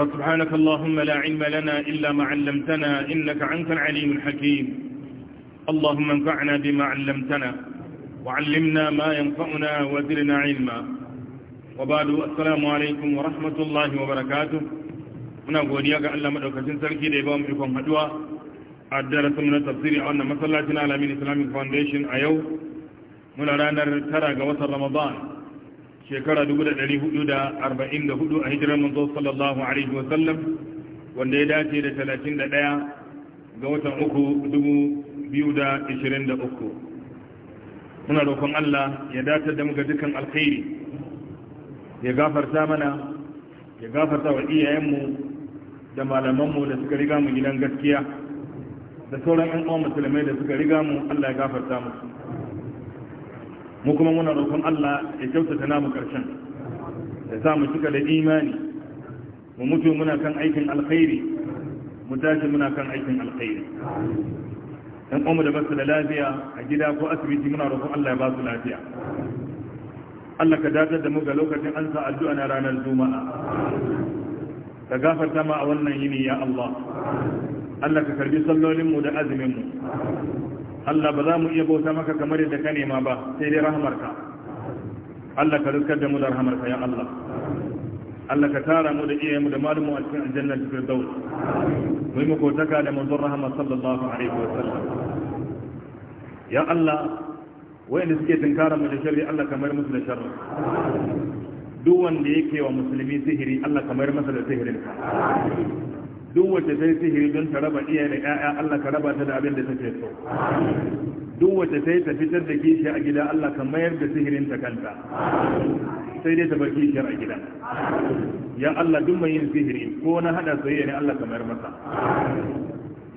فسبحانك اللهم لا علم لنا إلا ما علمتنا إنك أنت العليم الحكيم اللهم انفعنا بما علمتنا وعلمنا ما ينفعنا وزرنا علما وبعد السلام عليكم ورحمة الله وبركاته muna godiya ga Allah madaukakin sarki da ya ba mu ikon haduwa a darasin na tafsiri a wannan masallacin Alamin Islamic Foundation a yau muna ranar tara ga watan Ramadan shekara 444 a hijirar manzo sallallahu alaihi wa sallam wanda ya dace da 31 ga watan uku 2023 muna roƙon Allah ya datar da mu muka dukan alkhairi ya gafarta mana ya gafarta wa iyayenmu da malamanmu da suka riga mu gidan gaskiya da sauran 'yan uwan musulmai da suka riga mu Allah ya gafarta musu mu kuma muna roƙon Allah ya kyautata namu karshen ya sa mu cika da imani mu mutu muna kan aikin alkhairi mu tashi muna kan aikin alkhairi dan umu da basu da lafiya a gida ko asibiti muna roƙon Allah ya ba su lafiya Allah ka dadar da mu ga lokacin an sa addu'a na ranar juma'a ka gafarta ma a wannan yini ya Allah Allah ka karbi sallolinmu da mu Allah ba za mu iya bauta maka kamar yadda ka nema ba sai dai rahamarka Allah ka riskar da mu da rahamarka ya Allah Allah ka tara mu da iyayenmu da malumu a cikin aljanna da firdaus mu yi makotaka da manzon rahama sallallahu alaihi wa sallam ya Allah wayanda suke tunkara mu da sharri Allah kamar musu da sharri duk wanda yake wa musulmi sihiri Allah kamar masa da sihirin duk wacce sai sihiri don ta raba iya da ƴaƴa Allah ka raba ta da abin da take so duk wacce sai ta fitar da kishi a gida Allah ka mayar da sihirin ta kanta sai dai ta bar kishiyar a gida ya Allah duk mai yin sihiri ko na hada soyayya ne Allah ka mayar masa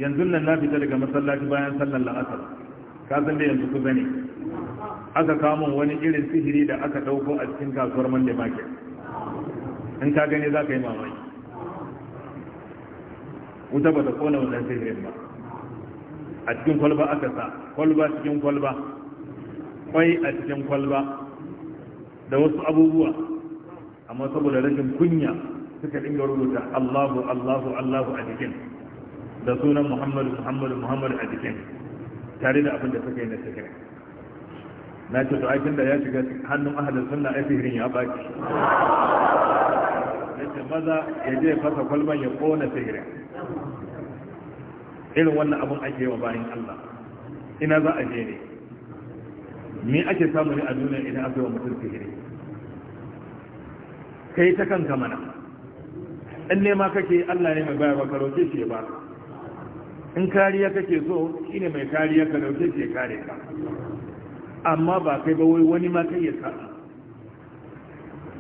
yanzu nan na fita daga masallaci bayan sallar la'asar ka san da yanzu ku bane aka kamun wani irin sihiri da aka dauko a cikin kasuwar Monday market in ka gani za ka yi mamaki wuta ba ta kona wannan sihirin ba a cikin kwalba aka sa kwalba cikin kwalba kwai a cikin kwalba da wasu abubuwa amma saboda rashin kunya suka dinga rubuta Allahu Allahu Allahu a jikin da sunan Muhammadu Muhammadu Muhammadu a jikin tare da abin da suka yi na sihirin na ce to aikin da ya shiga hannun ahalin sunna ai sihirin ya baki yace maza ya je fasa kwalban ya kona sihirin irin wannan abun ake wa bayan Allah ina za a je ne me ake samu ne a duniya idan aka yi wa mutum sihiri kai ta kanka mana in nema kake Allah ne mai bayarwa ka roke shi ya baka in kariya kake so ne mai kariya ka roke shi ya kare ka amma ba kai ba wai wani ma kai ya sa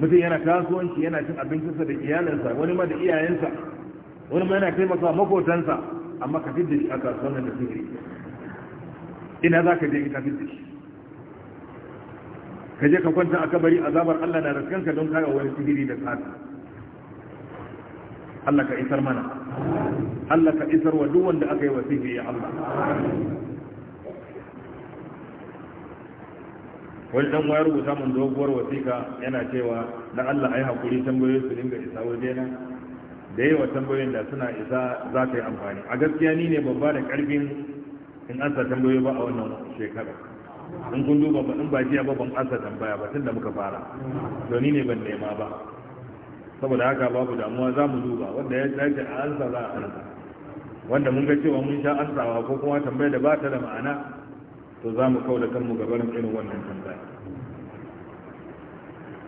mutum yana kasuwanci yana cin abincinsa da iyalinsa wani ma da iyayensa wani ma yana taimaka makotansa amma ka fidda shi a kasuwan nan da sihiri ina za ka je ka fidda shi ka je ka kwanta a kabari azabar Allah na raskanka don kaga wani sihiri da tsada Allah ka isar mana Allah ka isar wa duk wanda aka yi wa sihiri ya Allah wani dan wayar rubuta mun doguwar wasiƙa yana cewa dan Allah ai hakuri tambayoyin su dinga isa wajena da yawa tambayoyin da suna isa za ta yi amfani a gaskiya ni ne babba da karfin in ansa tambayoyi ba a wannan shekara in kun duba ba in ba jiya ba ban ansa tambaya ba tun da muka fara to ni ne ban nema ba saboda haka babu damuwa za mu duba wanda ya dace a ansa za a ansa wanda mun ga cewa mun sha ansawa ko kuma tambaya da ba ta da ma'ana to za mu kau da kanmu barin irin wannan tambaya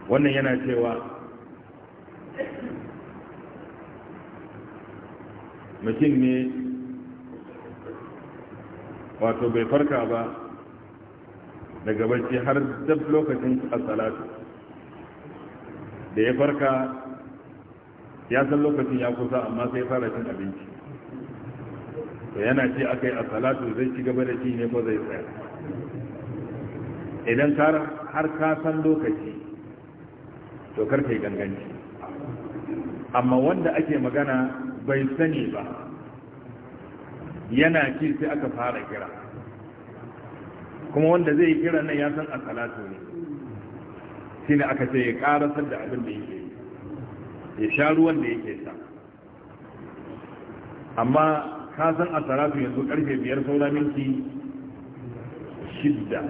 wannan yana cewa mutum ne wato bai farka ba daga bacci har dab lokacin asalatu da ya farka ya san lokacin ya kusa amma sai fara cin abinci to yana ce aka yi asalatu zai ci gaba da ci ne ko zai tsaya idan har ka san lokaci to karka yi ganganci amma wanda ake magana bai sani ba yana ci sai aka fara kira kuma wanda zai yi kira nan ya san a salatu ne shi ne aka ce ya karasar da abin da yake ya sha ruwan da yake sa amma ka san a salatu yanzu karfe biyar saura minti shidda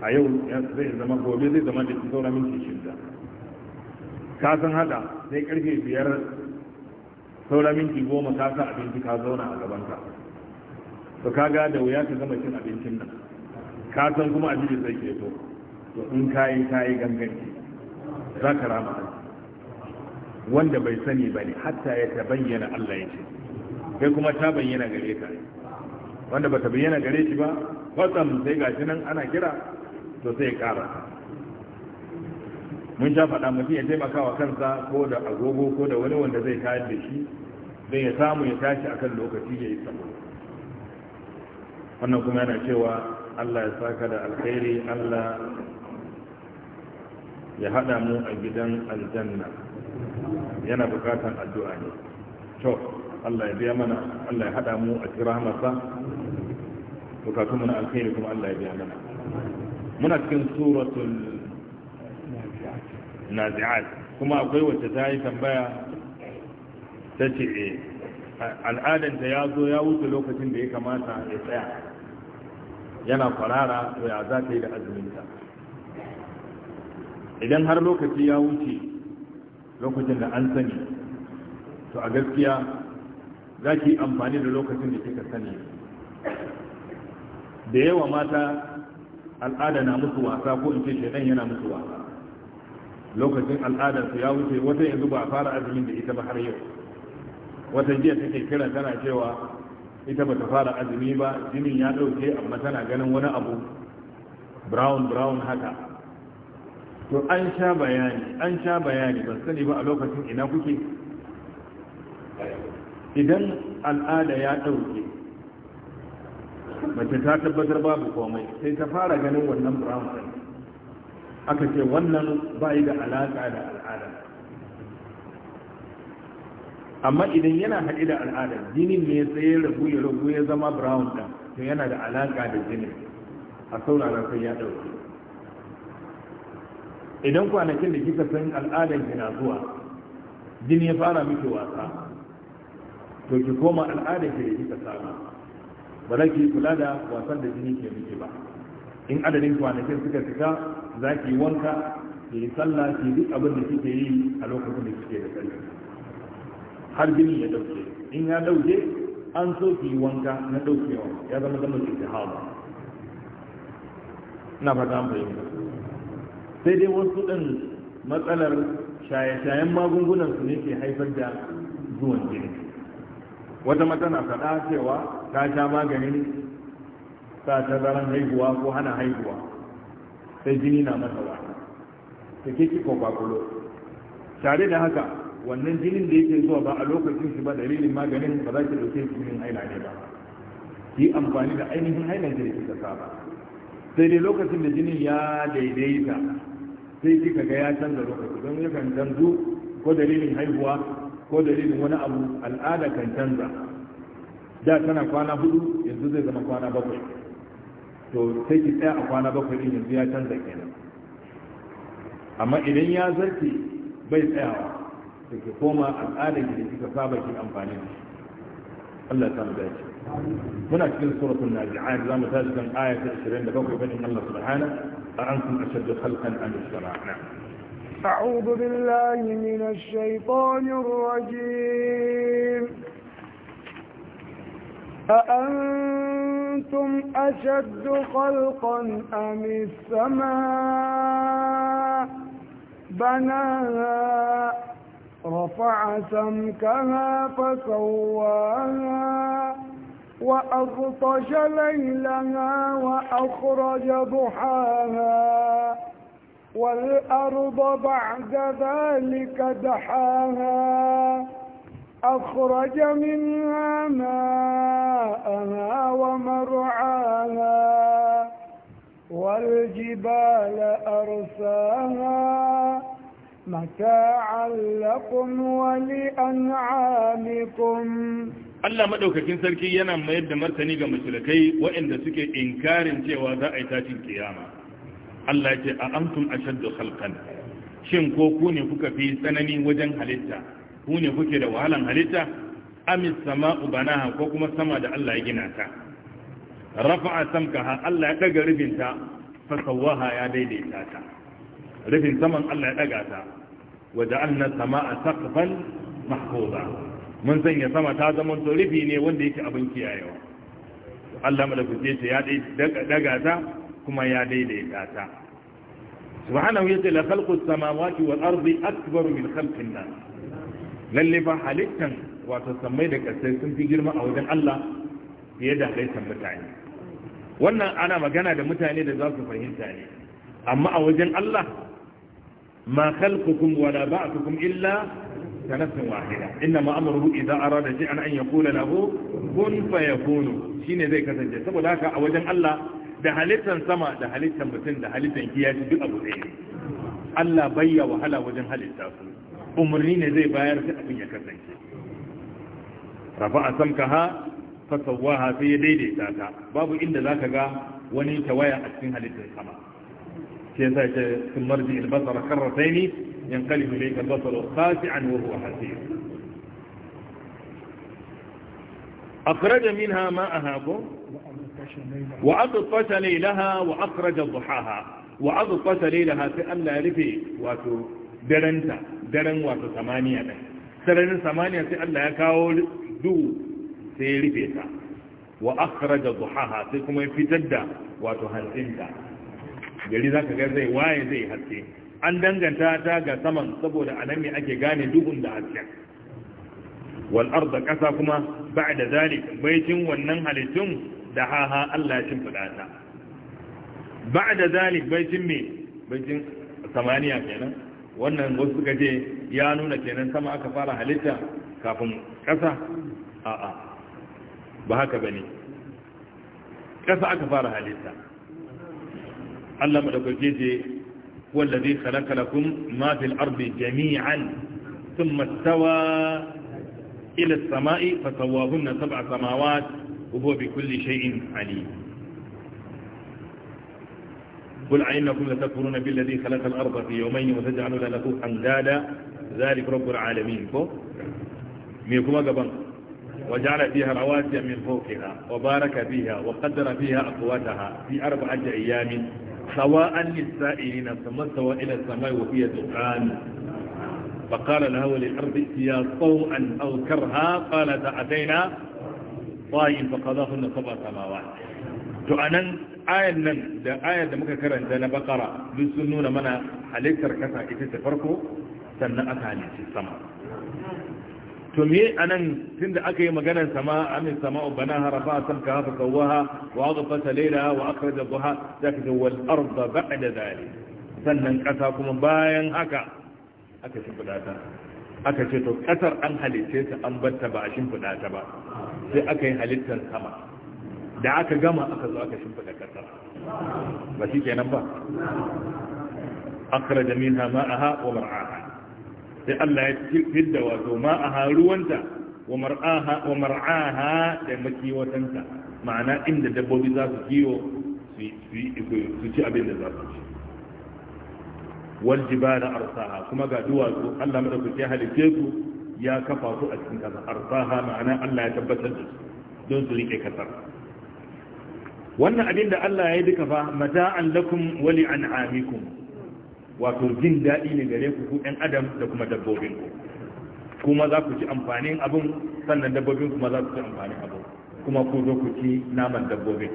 a yau zai zama gobe zai zama da saura minti shidda ka san hada sai karfe biyar saura minti goma ka sa abinci ka zauna a gabanka to ka ga da wuya ka zama cin abincin nan ka san kuma abin da zai ke to in kayi kayi ganganci za ka rama wanda bai sani ba ne hatta ya ta bayyana Allah ya ce kai kuma ta bayyana gare ka wanda ba ta bayyana gare shi ba kwatsam sai gashi nan ana kira to sai ya kara mun sha faɗa mutum ya taimaka wa kansa ko da agogo ko da wani wanda zai tayar da shi don ya samu ya tashi akan lokaci ya yi sabo wannan kuma yana cewa allah ya saka da alkhairi allah ya haɗa mu a gidan aljanna yana bukatan addu'a ne to allah ya biya mana allah ya haɗa mu a cikin rahamarsa bukatun mu na alkhairi kuma allah ya biya mana muna cikin suratul nazi'at kuma akwai wacce ta yi tambaya ta ce eh, al'adanta ya zo ya wuce lokacin da ya kamata ya tsaya yana kwarara to ya za ta yi da azuminta idan har lokaci ya wuce lokacin da an sani to a gaskiya za ki amfani da lokacin da kika sani da yawa mata al'ada na musu wasa ko in ce shaidan yana musu wasa lokacin al'adarsu ya wuce wata yanzu ba a fara azumin da ita ba har yau wata jiya take kira tana cewa ita ba ta fara azumi ba jinin ya ɗauke amma tana ganin wani abu brown brown haka to an sha bayani an sha bayani ban sani ba a lokacin ina kuke idan al'ada ya ɗauke mace ta tabbatar babu komai sai ta fara ganin wannan brown aka ce wannan ba yi da alaƙa da al'ada amma idan yana haɗe da al'ada jinin ne sai ya rabu ya rabu ya zama brown ɗan to yana da alaƙa da jinin a saurara sai ya ɗauki idan kwanakin da kika san al'adar ki na zuwa jini ya fara miki wasa to ki koma al'adar ki da kika saba ba za ki kula da wasan da jini ke miki ba in adadin kwanakin suka fita za ki wanka ke yi sallah ke duk abin da kike yi a lokacin da kike da sarki har jini ya dauke in ya dauke an so ki yi wanka na daukewa ya zama zama ke ta hawa ina fata mu yi sai dai wasu ɗin matsalar shaye-shayen magungunan su ne ke haifar da zuwan gini. wata mata na faɗa cewa ta sha maganin ta tazaran haihuwa ko hana haihuwa sai jini na masa wa ta keke ko tare da haka wannan jinin da yake zuwa ba a lokacin shi ba dalilin maganin ba za ki ɗauke jinin haila ne ba ki amfani da ainihin hailan da kasa ba. sai dai lokacin da jinin ya daidaita sai kika ga ya canza lokaci don yakan canzu ko dalilin haihuwa ko dalilin wani abu al'ada kan canza da tana kwana hudu yanzu zai zama kwana bakwai to sai ki tsaya a kwana bakwai din yanzu ya canza kenan amma idan ya zarce bai tsayawa da ke koma al'adar da kika saba ki amfani da shi Allah ta shi muna cikin suratul nazi'at za mu tashi kan aya ta 27 bane Allah subhanahu a an antum ashaddu khalqan am shara'na أعوذ بالله من الشيطان الرجيم أأنتم أأنتم أشد خلقا أم السماء بناها رفع سمكها فسواها وأغطش ليلها وأخرج ضحاها والأرض بعد ذلك دحاها أخرج منها ماءها ومرعاها والجبال أرساها متاعا لكم ولأنعامكم Allah maɗaukakin sarki yana mayar da martani ga mashirkai waɗanda suke inkarin cewa za a yi tashin kiyama. Allah ce a amtum ashaddu khalqan shin ko ku ne kuka fi tsanani wajen halitta ku ne kuke da wahalan halitta amis sama'u banaha ko kuma sama da Allah ya gina ta rafa'a samkaha Allah ya daga rufinta fasawaha ya daidaita ta rufin saman Allah ya daga ta waja'alna sama'a saqfan mahfuza mun sanya sama ta zama to rufi ne wanda yake abin kiyayewa Allah madafuce ta ya daga ta kuma ya daidaita ta subhanahu wa la khalqu samawati wal ardi akbaru min khalqin nas lalle ba halittan wato sammai da ƙasai sun fi girma a wajen Allah fiye da halittan mutane wannan ana magana da mutane da za su fahimta ne amma a wajen Allah ma khalqukum wa la ba'thukum illa kanafsin wahida inna ma a idza arada shay'an an na lahu kun Shi ne zai kasance saboda haka a wajen Allah da halittan sama da halittan mutum da halittan kiyashi duk abu ɗaya Allah bayya wahala wajen halitta su umarni ne zai bayar da abin ya kasance rafa a samkaha fasawaha sai ya daidaita ta babu inda zaka ga wani tawaya a cikin halittar sama sai ya sace sun marji albasara karrataini yanqalibu ilayka albasaru khasi'an wa huwa hasir أخرج منها ماءها وأضطش ليلها وأخرج ضحاها وأضطش ليلها في أن لا رفي واتو darenta daren wato samaniya ɗin sararin samaniya sai Allah ya kawo duhu sai ya rufe ta wa da duhaha sai kuma ya fitar da wato hantsinta gari zaka ga zai waye zai haske an danganta ta ga saman saboda anan ne ake gane duhun da haske. wal arda kasa kuma ba'da zalik baitin wannan halittun da haha Allah ya shimfida ta ba'da zalik baitin me baitin samaniya kenan wannan wasu suka ya nuna kenan sama aka fara halitta kafin ƙasa ba haka bane ƙasa aka fara halitta Allah madaukake ce wallazi khalaqa ma fil ardi jami'an thumma istawa ila as-sama'i fasawwahunna sab'a samawat wa huwa bi kulli shay'in 'alim قل أئنكم لتكفرون بالذي خلق الأرض في يومين وتجعلون له أندادا ذلك رب العالمين ميكما قبل وجعل فيها رواسي من فوقها وبارك فيها وقدر فيها أقواتها في أربعة أيام سواء للسائلين ثم سواء إلى السماء وهي دخان فقال لها وللأرض ائتيا طوءا أو كرها قالت أتينا طائم فقضاهن سبع سماوات تؤنن ayan nan da ayar da muka karanta na bakara duk sun nuna mana halittar kasa ita ta farko sannan aka halitta sama to me anan tunda aka yi maganar sama amin sama'u banaha rafa'a samka hafa kawaha wa aghfata laylaha wa akhraja dhuha zaka ga wal arda da dhalik sannan kasa kuma bayan haka aka shimfida ta aka ce to kasar an halitta ta an batta ba a shimfida ta ba sai aka yi halittar sama da aka gama aka zo aka shimfida kasar ba shi kenan ba akhraja minha ma'aha wa mar'aha sai Allah ya fidda wato ma'aha ruwanta wa mar'aha wa mar'aha da makiwatanta ma'ana inda dabbobi za su kiwo su ci abin da za su ci wal jibala arsaha kuma ga duwatsu Allah madaukaki ya halice su ya kafa su a cikin kasa arsaha ma'ana Allah ya tabbatar da su don su rike kasar wannan abin da Allah ya yi duka fa mata'an lakum wa li'an'amikum wato jin daɗi ne gare ku ku ɗan adam da kuma dabbobin ku kuma za ku ci amfanin abin sannan dabbobin kuma za ku ci amfanin abin kuma ku zo ku ci naman dabbobin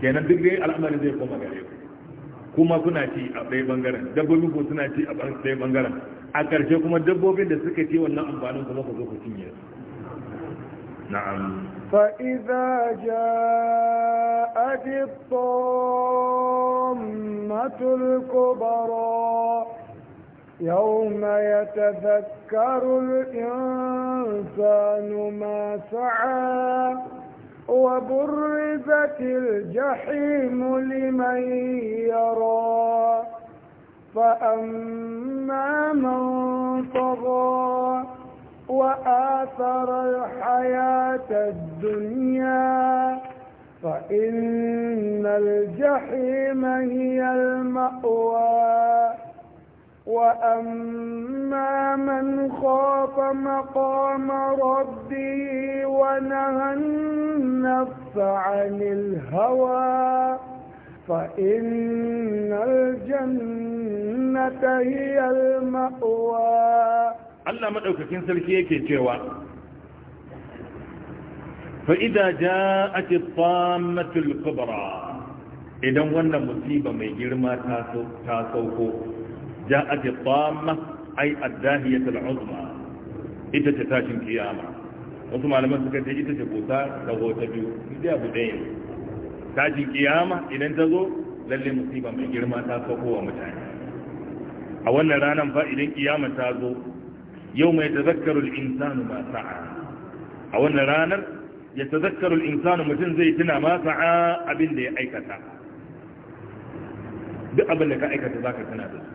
kenan duk dai al'amarin zai koma gare ku kuma kuna ci a ɗaya bangaren dabbobin ku suna ci a ɗaya bangaren a ƙarshe kuma dabbobin da suka ci wannan amfanin kuma ku zo ku cinye su نعم فإذا جاءت الطامة الكبرى يوم يتذكر الإنسان ما سعى وبرزت الجحيم لمن يرى فأما من طغى وآثر الحياة الدنيا فإن الجحيم هي المأوى وأما من خاف مقام ربه ونهى النفس عن الهوى فإن الجنة هي المأوى Allah madaukakin sarki yake cewa fa idza ja'at at-tammatul kubra idan wannan musiba mai girma ta ta sauko ja'at at-tamma ay ad-dahiyatul uzma ita ta tashin kiyama wasu malaman suka ce ita ce kusa da hota biyu idan abu ɗaya tashin kiyama idan ta zo lalle musiba mai girma ta sauko wa mutane a wannan ranar fa idan kiyama ta zo yau mai tazakkarul insanu ma sa'a a wannan ranar ya tazakkarul insanu mutum zai tuna ma sa'a abin ya aikata duk abin ka aikata za ka tuna da su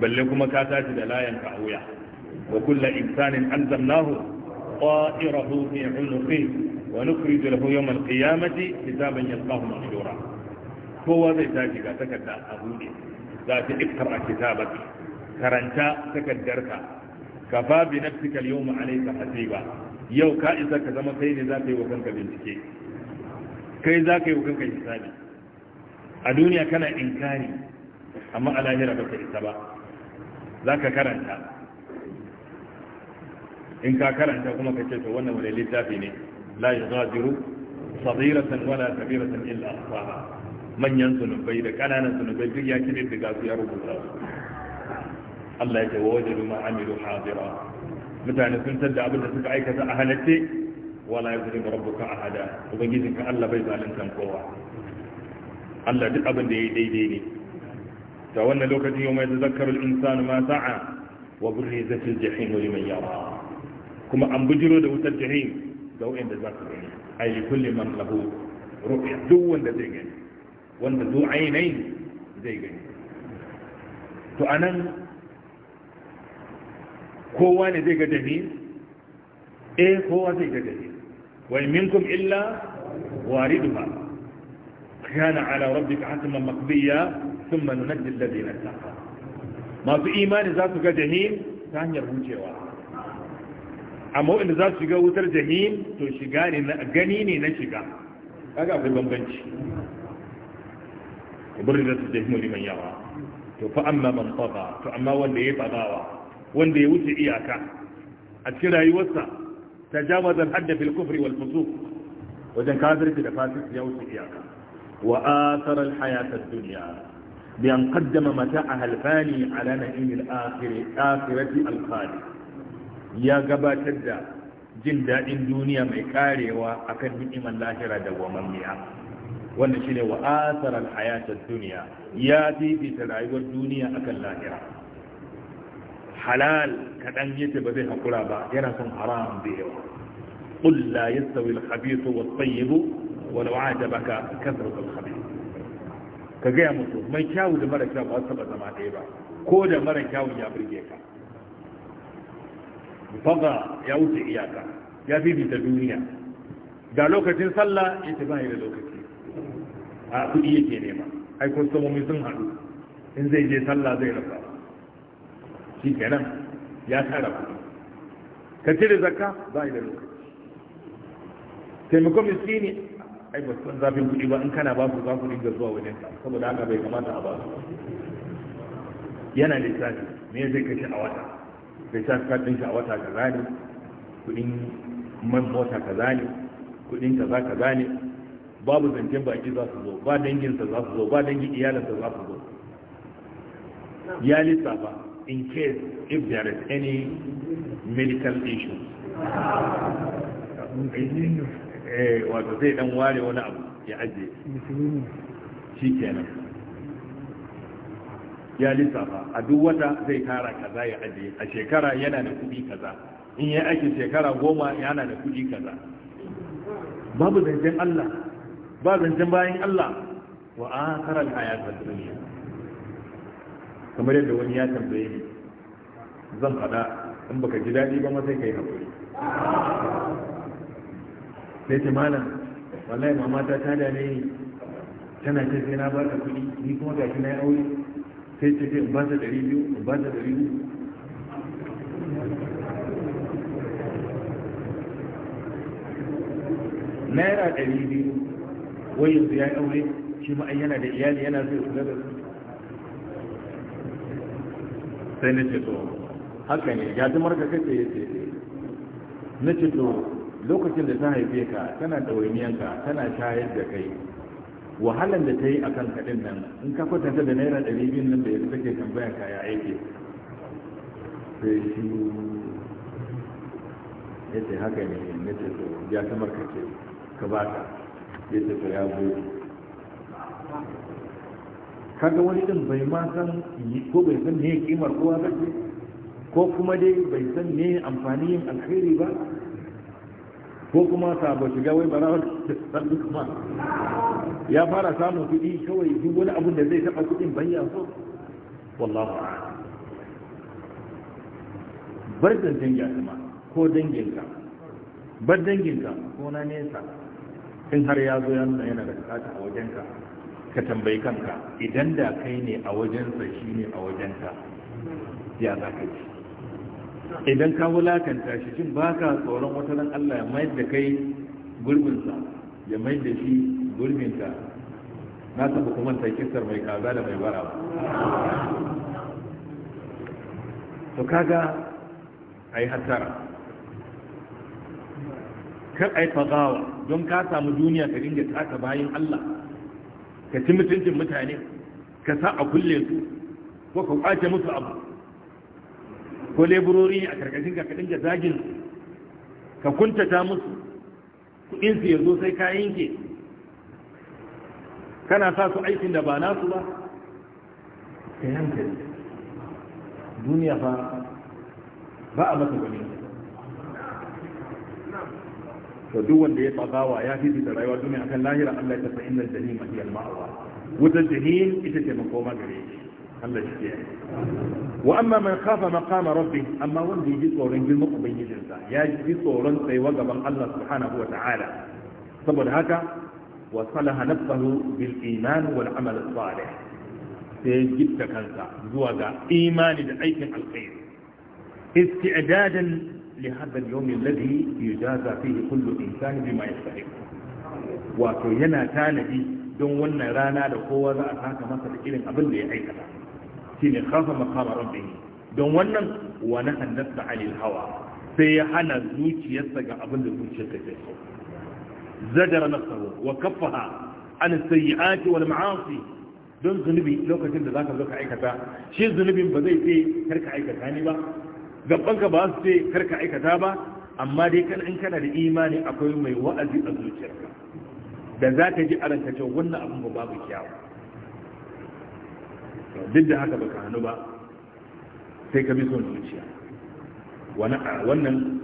balle kuma ka tashi da layan ka a wuya wa kulla insanin an zamnahu qa'irahu fi unuqi wa nukhriju lahu yawm al-qiyamati kitaban yalqahu manshura kowa zai tashi ga takarda a buɗe za ta iktar a kitabar karanta takardarka kafa bi nafsika al-yawma alayka hasiba yau ka isa ka zama kai ne zaka yi wa kanka bincike kai zaka yi wa kanka hisabi a duniya kana inkari amma a lahira ka isa ba zaka karanta in ka karanta kuma ka ce to wannan wani littafi ne la yuzadiru sadiratan wala kabiratan illa ahsaha manyan sunubai da kananan sunubai duk ya kididdiga su ya rubuta su Allah ya ce wa wajadu ma amilu hadira mutane sun tadda abin da suka aikata a halatte wala yuzlimu rabbuka ahada ubangijin ka Allah bai zalunta kowa Allah duk abin da yayi daidai ne ta wannan lokacin yau mai tazakkaru al-insanu ma sa'a wa burrizatil jahim liman yara kuma an bujiro da wutar jahim ga wanda za su gani ai kulli man lahu ru'ya duk wanda zai gani wanda zu'ainain zai gani to anan kowa ne zai ga dalil eh kowa zai ga dalil wa minkum illa waridha kana ala rabbika hatman maqdiya thumma nunajji alladhina taqaw masu imani za su ga jahim ta hanyar wucewa amma wanda za su shiga wutar jahim to shiga ne na gani ne na shiga kaga akwai bambanci ibrida su jahimu liman yawa to fa amma man taba to amma wanda ya fadawa wanda ya wuce iyaka a cikin rayuwarsa ta jamazar hadda fil wal fusuq wajen kafirci da fasik ya wuce iyaka wa athara duniya hayat bi an kaddama mata a fani ala na'im al akhir akhirati ya gabatar da jin dadin duniya mai karewa akan ni'imar lahira da gwamammiya wanda shine wa athara hayatar duniya ya fifita rayuwar duniya akan lahira halal kaɗan yace ba zai haƙura ba yana son haram da yawa al-khabithu wat يستوي wa law a'jabaka عجبك al الخبيث ka gaya musu mai kyawu da mara kyawu ba su zama ɗaya ba ko da mara kyawun ya birge ka baga ya wuce iyaka ya fi ta duniya Da lokacin sallah ya ta bayi da lokaci a kudi yake nema ai kwastomomi sun haɗu in zai je sallah zai rasa shi kenan ya tara kuɗi ka cire zakka ba da lokaci taimakon miskini ai ba san zafin kuɗi ba in kana ba ku za ku dinga zuwa wajen ka saboda haka bai kamata a ba su yana lissafi me zai kashe a wata zai sa ka shi a wata kaza ne kuɗin man mota kaza ne kuɗin kaza kaza ne babu zancen baki za su zo ba danginsa za su zo ba dangin iyalinsa za su zo ya lissafa in case if there is any medical issue eh, wato zai dan ware wani abu ya ajiye shi kenan ya lissafa a duk wata zai tara kaza ya ajiye a shekara yana da kudi kaza in ya ake shekara goma yana da kudi kaza babu zancen Allah ba zancen bayan Allah wa akharal hayatul dunya kamar yadda wani ya tambaye ni zan faɗa in baka ji daɗi ba ma sai kai haƙuri sai ce malam wallahi mama ta tada ne tana ce sai na ba ta kuɗi ni kuma shi na aure sai ce in ba ta ɗari biyu in ba ta ɗari biyu naira ɗari biyu wai yanzu ya aure shi ma yana da iyali yana zai kula da su sai na ceto, to haka ne gajimar ka kace ya ce na ceto, to lokacin da ta haife ka tana ɗawainiyanka tana shayar da kai wahalan da ta yi a kan kaɗin nan in ka kwatanta da naira ɗari biyu nan da ta take tambaya ka ya aiki sai shi ya ce haka ne na ce to ya samar ka ce ka ba ka ya ce to ya gobe kaga wani din bai ma san ko bai san ne kimar kowa ba ce ko kuma dai bai san ne amfani yin alkhairi ba ko kuma sabo shiga wai bara san kuma ya fara samun kuɗi kawai duk wani abun da zai taɓa kuɗin bayan so wallahu bar dangin ya kuma ko ka bar ka ko na nesa in har ya zo yana da kaka a wajenka ka tambayi kanka idan da kai ne a wajensa shi ne a wajenta ya za ka ci idan ka wulakanta shi cin ba ka tsoron wata nan Allah ya mayar da kai gurbinsa ya mayar da shi gurbinta na ta kuma kistar mai kaza da mai bara ba to kaga yi hatara kar yi fagawa don ka samu duniya ka dinga taka bayan Allah ka ci mutuncin mutane ka sa a kulle su ko ka kwace musu abu ko leburori a karkashin ka dinga zagin su ka kuntata musu kudin su zo sai ka yanke kana sa su aikin da ba nasu ba ka yanke duniya fa ba a masa to duk wanda ya tsagawa ya fi da rayuwa duniya akan lahira Allah ya tafi innal jahima hiya al-ma'wa wutar jahim ita ce makoma gare shi Allah shi ya wa amma man khafa maqama rabbih amma wanda yaji tsoron girman ubangijinsa ya ji tsoron tsayuwa gaban Allah subhanahu wa ta'ala saboda haka wa salaha nafsahu bil iman wal amal salih sai gitta kansa zuwa ga imani da aikin alkhairi isti'dadan لهذا اليوم الذي يجازى فيه كل إنسان بما يستحق wato yana tanadi don wannan rana da kowa za a saka masa da irin abin da ya aikata shine kafa maqama rabbih don wannan wa nahan nafsa anil hawa sai ya hana zuciyarsa ga abin da zuciyarsa ta so zajara nafsahu wa kaffaha an sayyi'ati wal ma'asi don zunubi lokacin da zaka zo ka aikata shi zunubin ba zai kar ka aikata ni ba gabanka ba su ce karka aikata ba amma dai kan in kana da imani akwai mai wa'azi a zuciyarka da za ka ji a ranka cewa wannan abin ba babu kyawu duk da haka baka hannu ba sai ka bi son zuciya wannan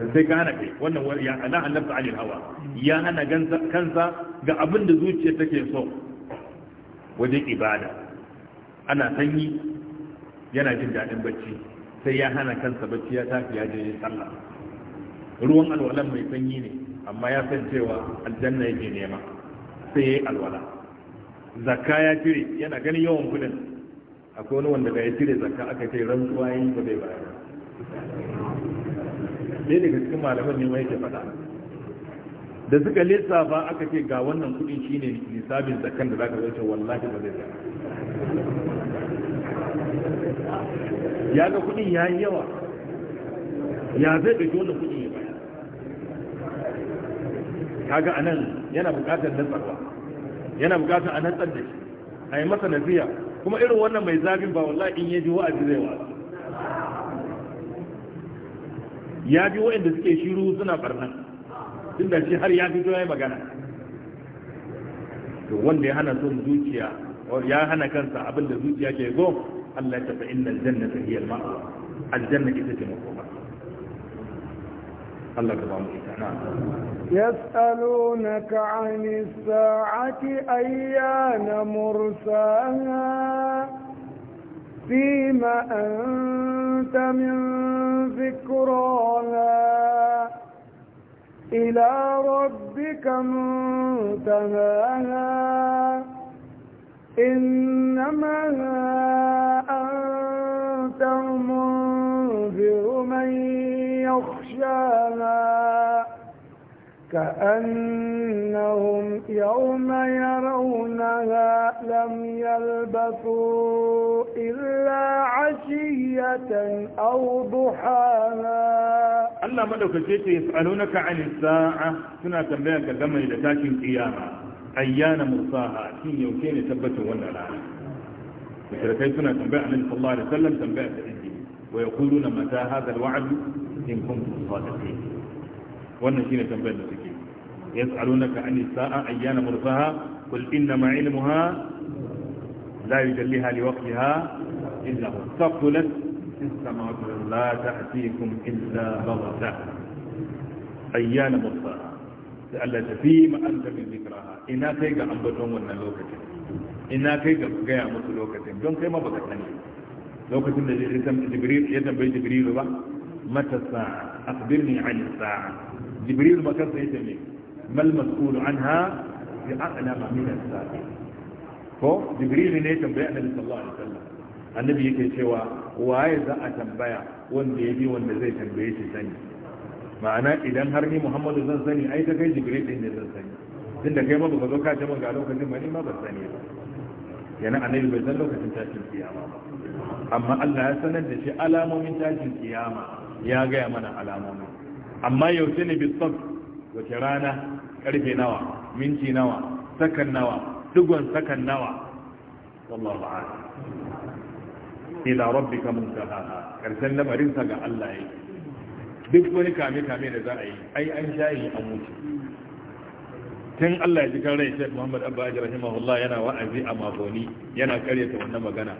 eh, sai ka hana kai wannan ya ana annabta alil hawa ya hana kansa ga abin da zuciya take so wajen ibada ana sanyi yana jin daɗin bacci sai ya hana kansa bacci ya tafi ya je sallah ruwan alwalan mai sanyi ne amma ya san cewa aljanna yake nema sai ya yi alwala zakka ya cire yana ganin yawan kudin akwai wani wanda ga ya cire zakka aka ce rantsuwa yi ba zai bayar sai daga cikin malaman ne mai ke faɗa da suka lissafa aka ce ga wannan kudin shine lissafin zakkan da zaka zai wallahi ba zai bayar ya ga kudin ya yi yawa ya zai da dole kudi ya baya kaga anan yana bukatar nasarwa yana bukatar a natsar da shi a yi masa nasiya kuma irin wannan mai zafin ba wallahi in ya ji wa'azi zai wa ya bi wa'inda suke shiru suna barnan inda shi har ya fito ya yi magana to wanda ya hana son zuciya ya hana kansa abin da zuciya ke zo Allah ya tafi innal jannata hiya al-ma'wa aljanna ita ce makoma Allah ka ba mu ita na يسألونك عن الساعة أيان مرساها فيما أنت من ذكراها إلى ربك منتهاها إنما أنت منذر من يخشاها كأنهم يوم يرونها لم يلبثوا إلا عشية أو ضحاها الله كنت يسألونك عن الساعة سنة تنبيك زمن لتاشن القيامة ayyana mursaha shin yauke ne tabbatin wannan rana mushrikai suna tambaya annabi sallallahu alaihi wasallam tambaya ta idi wa yaquluna mata hadha alwa'd in kuntum sadiqin wannan shine tambayar da suke yas'alunaka an sa'a ayyana mursaha qul inna ma ilmuha la yujalliha liwaqtiha illa huwa thaqulat السماوات لا تأتيكم إلا بغتة أيان مرساها da fi ma'anta min zikraha ina kai ga ambaton wannan lokacin ina kai ga gaya musu lokacin don kai ma baka sani lokacin da jibril ya tambayi jibril ba mata sa'a akhbirni an sa'a jibril maka sai ta me mal mas'ul anha bi a'lama min as-sa'a ko jibril ne tambayi annabi sallallahu alaihi wasallam annabi yake cewa waye za a tambaya wanda ya bi wanda zai tambaye shi sani ma'ana idan har ni muhammadu zan sani ai ta kai jibril din ne zan sani tun da kai ma baka zo ka ce ga lokacin ba ni ma ban sani ba yana annabi bai san lokacin tashin kiyama ba amma Allah ya sanar da shi alamomin tashin kiyama ya gaya mana alamomin amma yaushe ne bisab wace rana karfe nawa minti nawa sakan nawa dugon sakan nawa wallahu a'lam ila rabbika muntaha karshen lamarin sa ga Allah yake duk wani kame-kame da za a yi ai an shayi a mutu tun Allah ya ji kan rai Sheikh Muhammad Abba Aji rahimahullah yana wa'azi a Mafoni yana karyata wannan magana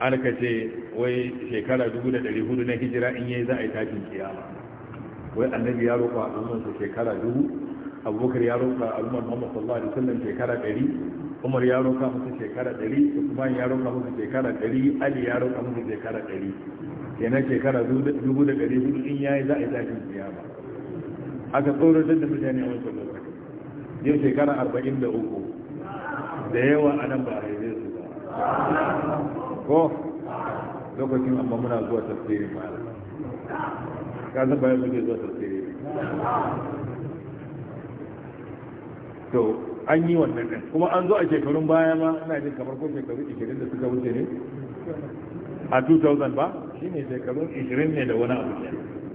an ka ce wai shekara 1400 na hijira in yayi za a yi tashin kiyama wai annabi ya roƙa al'ummar sa shekara 1000 Abubakar ya roƙa al'ummar Muhammad sallallahu alaihi wasallam shekara 100 Umar ya roƙa musu shekara 100 Usman ya roƙa musu shekara 100 Ali ya roƙa musu shekara 100 kenan shekara dubu da ɗari hudu in yayi za a yi tashin kiyama aka tsoratar da mutane a wancan lokaci yau shekara arba'in da uku da yawa a nan ba a haife su ba ko lokacin amma muna zuwa tafsiri a ka san bayan muke zuwa tafsiri to an yi wannan ɗin kuma an zo a shekarun baya ma ina jin kamar ko shekaru 20 da suka wuce ne a 2000 ba shi ne shekaru 20 ne da wani abu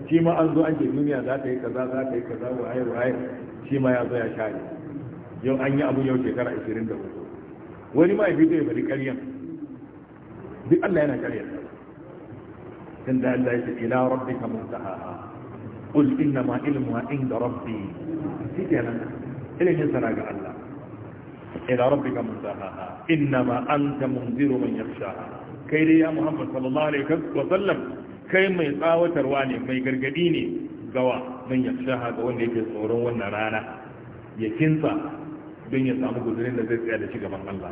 shi ma an zo an duniya za ta yi kaza za ta yi kaza waye waye shi ma ya zo ya share yau an yi abu yau shekara 24 wani ma ya fito ya bari karyan. duk Allah yana ƙaryan tun da Allah ya ce ila muntaha qul inna ma ilmuha inda rabbi shi ilimin sana ga Allah ila muntaha inna ma anta munziru man kai dai ya muhammad sallallahu alaihi wasallam kai mai tsawatarwa ne mai gargadi ne gawa man yakshaha ga wanda yake tsoron wannan rana ya kinsa don ya samu guzurin da zai tsaya da shi gaban Allah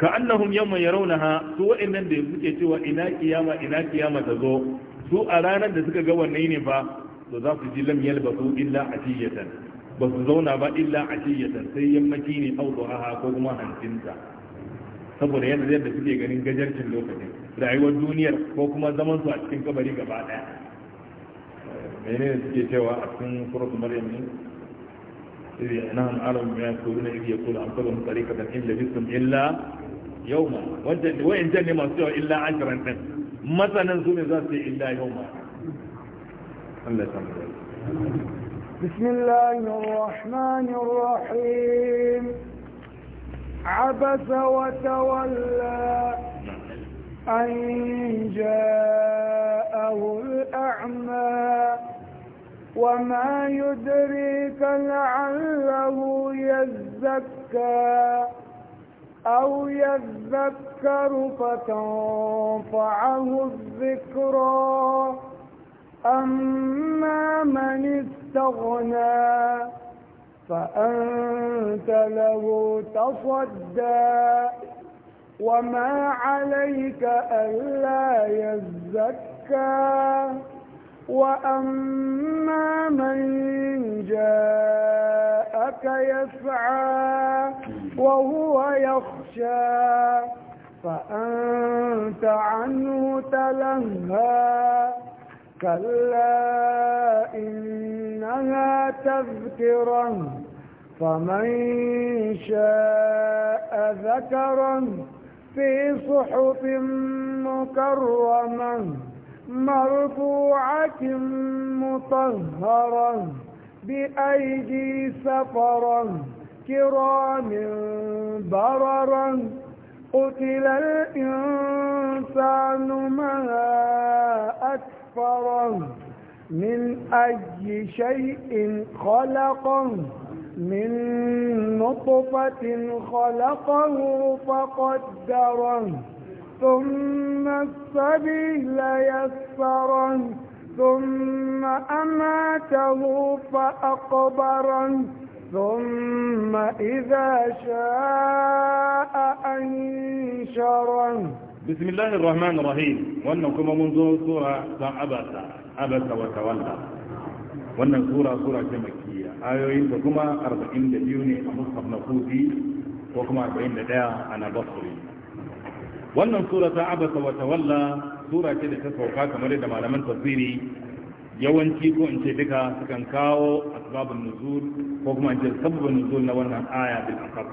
ka annahum yawma yarawnaha su wa'annan da suke cewa ina kiyama ina kiyama ta zo su a ranar da suka ga wannan ne fa to za su ji lam yalbasu illa atiyatan ba su zauna ba illa atiyatan sai yammaci ne au duha ko kuma hancinta. saboda yadda yadda suke ganin gajarcin lokacin rayuwar duniyar ko kuma zaman su a cikin kabari gaba daya ne suke cewa a cikin suratul maryam ne إذ نحن أعلم بما يقولون إذ يقول أمثلهم طريقة إن لبثتم إلا يوما وإن جن ما سوى إلا عشرا مثلا سوى ذات إلا يوما الله سبحانه بسم الله الرحمن الرحيم عبس وتولى أن جاءه الأعمى وما يدريك لعله يزكى أو يذكر فتنفعه الذكرى أما من استغنى فأنت له تصدى وما عليك ألا يزكى وأما من جاءك يسعى وهو يخشى فأنت عنه تلهى كلا إنها تذكرة فمن شاء ذكرا في صحف مكرمة مرفوعة مطهرة بأيدي سفرا كرام بررا قتل الإنسان ما أكفر من أي شيء خلقه من نطفة خلقه فقدره ثم السبيل يسره ثم أماته فأقبره ثم إذا شاء أنشره بسم الله الرحمن الرحيم وأنكم منذ سورة عبس عبس وتولى wannan sura sura ce makkiya ayoyin da kuma ne a mushaf na kufi ko kuma 41 a na basri wannan sura ta abasa wa tawalla sura ce da ta sauka kamar da malaman tafsiri yawanci ko in ce duka sukan kawo asbabun nuzul ko kuma in ce sabbin nuzul na wannan aya bil asab